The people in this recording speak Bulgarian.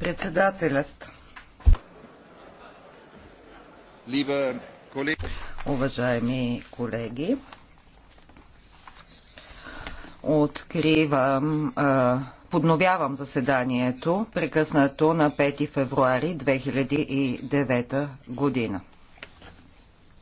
Председателят. Уважаеми колеги, откривам, подновявам заседанието, прекъснато на 5 февруари 2009 година.